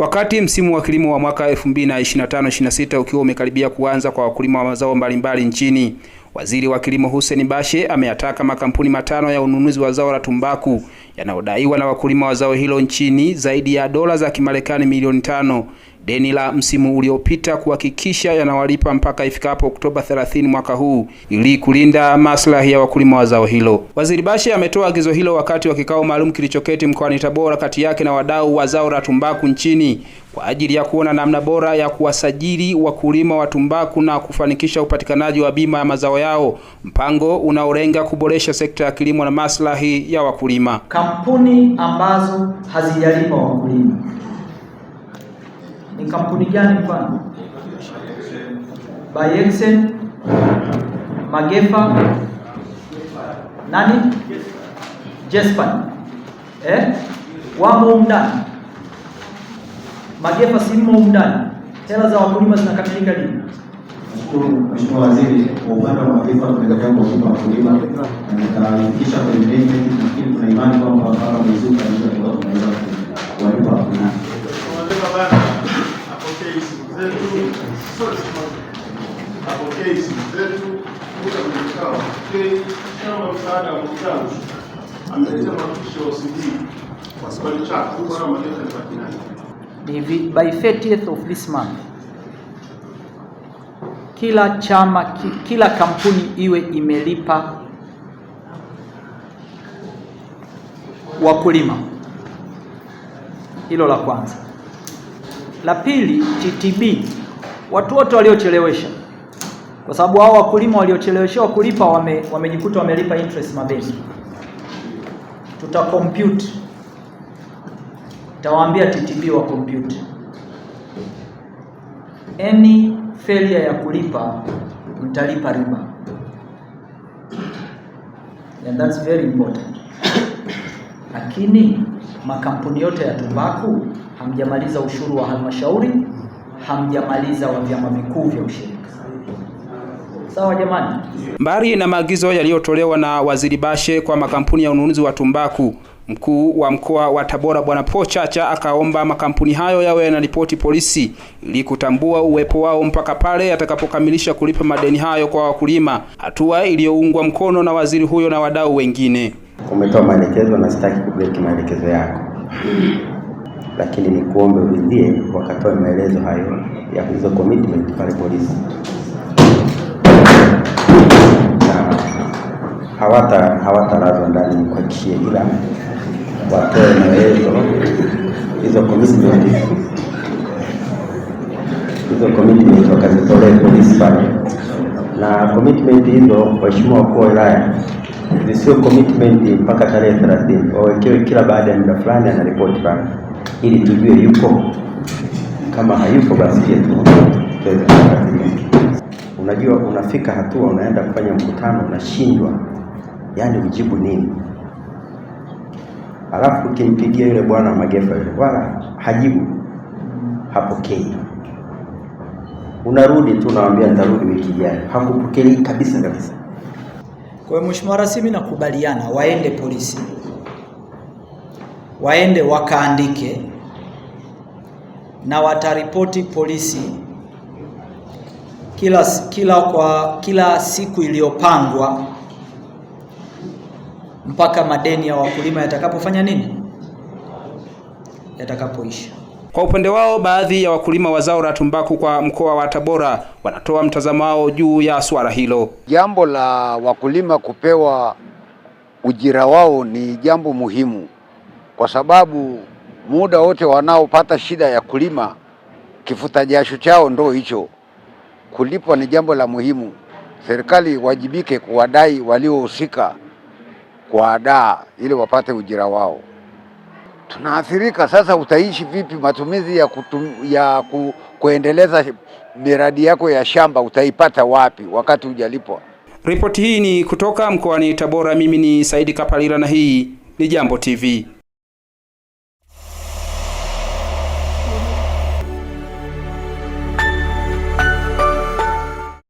Wakati msimu wa kilimo wa mwaka 2025-26 ukiwa umekaribia kuanza kwa wakulima wa mazao mbalimbali nchini, Waziri wa Kilimo Hussein Bashe ameyataka makampuni matano ya ununuzi wa zao la tumbaku yanayodaiwa na wakulima wa zao hilo nchini zaidi ya dola za Kimarekani milioni tano deni la msimu uliopita kuhakikisha yanawalipa mpaka ifikapo Oktoba 30 mwaka huu ili kulinda maslahi ya wakulima wa zao hilo. Waziri Bashe ametoa agizo hilo wakati wa kikao maalum kilichoketi mkoani Tabora kati yake na wadau wa zao la tumbaku nchini kwa ajili ya kuona namna bora ya kuwasajili wakulima wa tumbaku na kufanikisha upatikanaji wa bima ya mazao yao, mpango unaolenga kuboresha sekta ya kilimo na maslahi ya wakulima. Kampuni ambazo hazijalipa wakulima ni kampuni gani? Mfano Bayexen, Magefa, nani, Jespan eh? wamo umdani. Magefa simo umdani, hela za wakulima zinakamilika lini? Mheshimiwa Waziri, kwa upande wa Magefa tumekataa kuwalipa wakulima na kwenye benki, lakini tuna imani kwamba tunaweza kuwalipa wakulima zetu, sote zetu msaada wa mkutano. Ameleta ya by 30th of this month kila chama kila kampuni iwe imelipa wakulima. Hilo la kwanza. La pili, TTB, watu wote waliochelewesha, kwa sababu hao wakulima waliocheleweshewa kulipa wame, wamejikuta wamelipa interest mabenki. Tuta compute, tawaambia TTB wa compute any failure ya kulipa, mtalipa riba and that's very important lakini makampuni yote ya tumbaku, hamjamaliza ushuru wa halmashauri, hamjamaliza wa vyama vikuu vya ushirika. Sawa jamani. Mbali na maagizo yaliyotolewa na Waziri Bashe kwa makampuni ya ununuzi wa tumbaku, Mkuu wa mkoa wa Tabora Bwana Pochacha akaomba makampuni hayo yawe yanaripoti polisi ili kutambua uwepo wao mpaka pale yatakapokamilisha kulipa madeni hayo kwa wakulima, hatua iliyoungwa mkono na waziri huyo na wadau wengine. Umetoa maelekezo na sitaki kubreaki maelekezo yako, lakini nikuombe uridhie wakatoe maelezo hayo ya hizo commitment pale polisi, na hawata hawatalazwa ndani kishie, ila watoe maelezo hizo commitment hizo commitment wakazitolee polisi pale, na commitment hizo, waheshimiwa wakuu wa wilaya zisiwe commitment mpaka tarehe 30, wawekewe kila baada ya muda fulani anaripoti pale, ili tujue yuko. Kama hayupo basi pia unajua, unafika hatua unaenda kufanya mkutano unashindwa, yaani ujibu nini? Alafu ukimpigia yule bwana Magefa yule wala hajibu, hapokei unarudi tu, unawambia nitarudi wiki ijayo, hakupokei kabisa kabisa. Kwa hiyo mheshimiwa rais, mimi nakubaliana waende polisi, waende wakaandike na wataripoti polisi kila, kila, kwa, kila siku iliyopangwa mpaka madeni ya wakulima yatakapofanya nini, yatakapoisha. Kwa upande wao, baadhi ya wakulima wa zao la tumbaku kwa mkoa wa Tabora wanatoa mtazamo wao juu ya swala hilo. Jambo la wakulima kupewa ujira wao ni jambo muhimu, kwa sababu muda wote wanaopata shida ya kulima, kifuta jasho chao ndo hicho. Kulipwa ni jambo la muhimu. Serikali iwajibike kuwadai waliohusika kwa kuwadaa ili wapate ujira wao tunaathirika sasa. Utaishi vipi? matumizi ya, kutu, ya ku, kuendeleza miradi yako ya shamba utaipata wapi wakati hujalipwa? Ripoti hii ni kutoka mkoani Tabora. Mimi ni Saidi Kapalila na hii ni Jambo TV.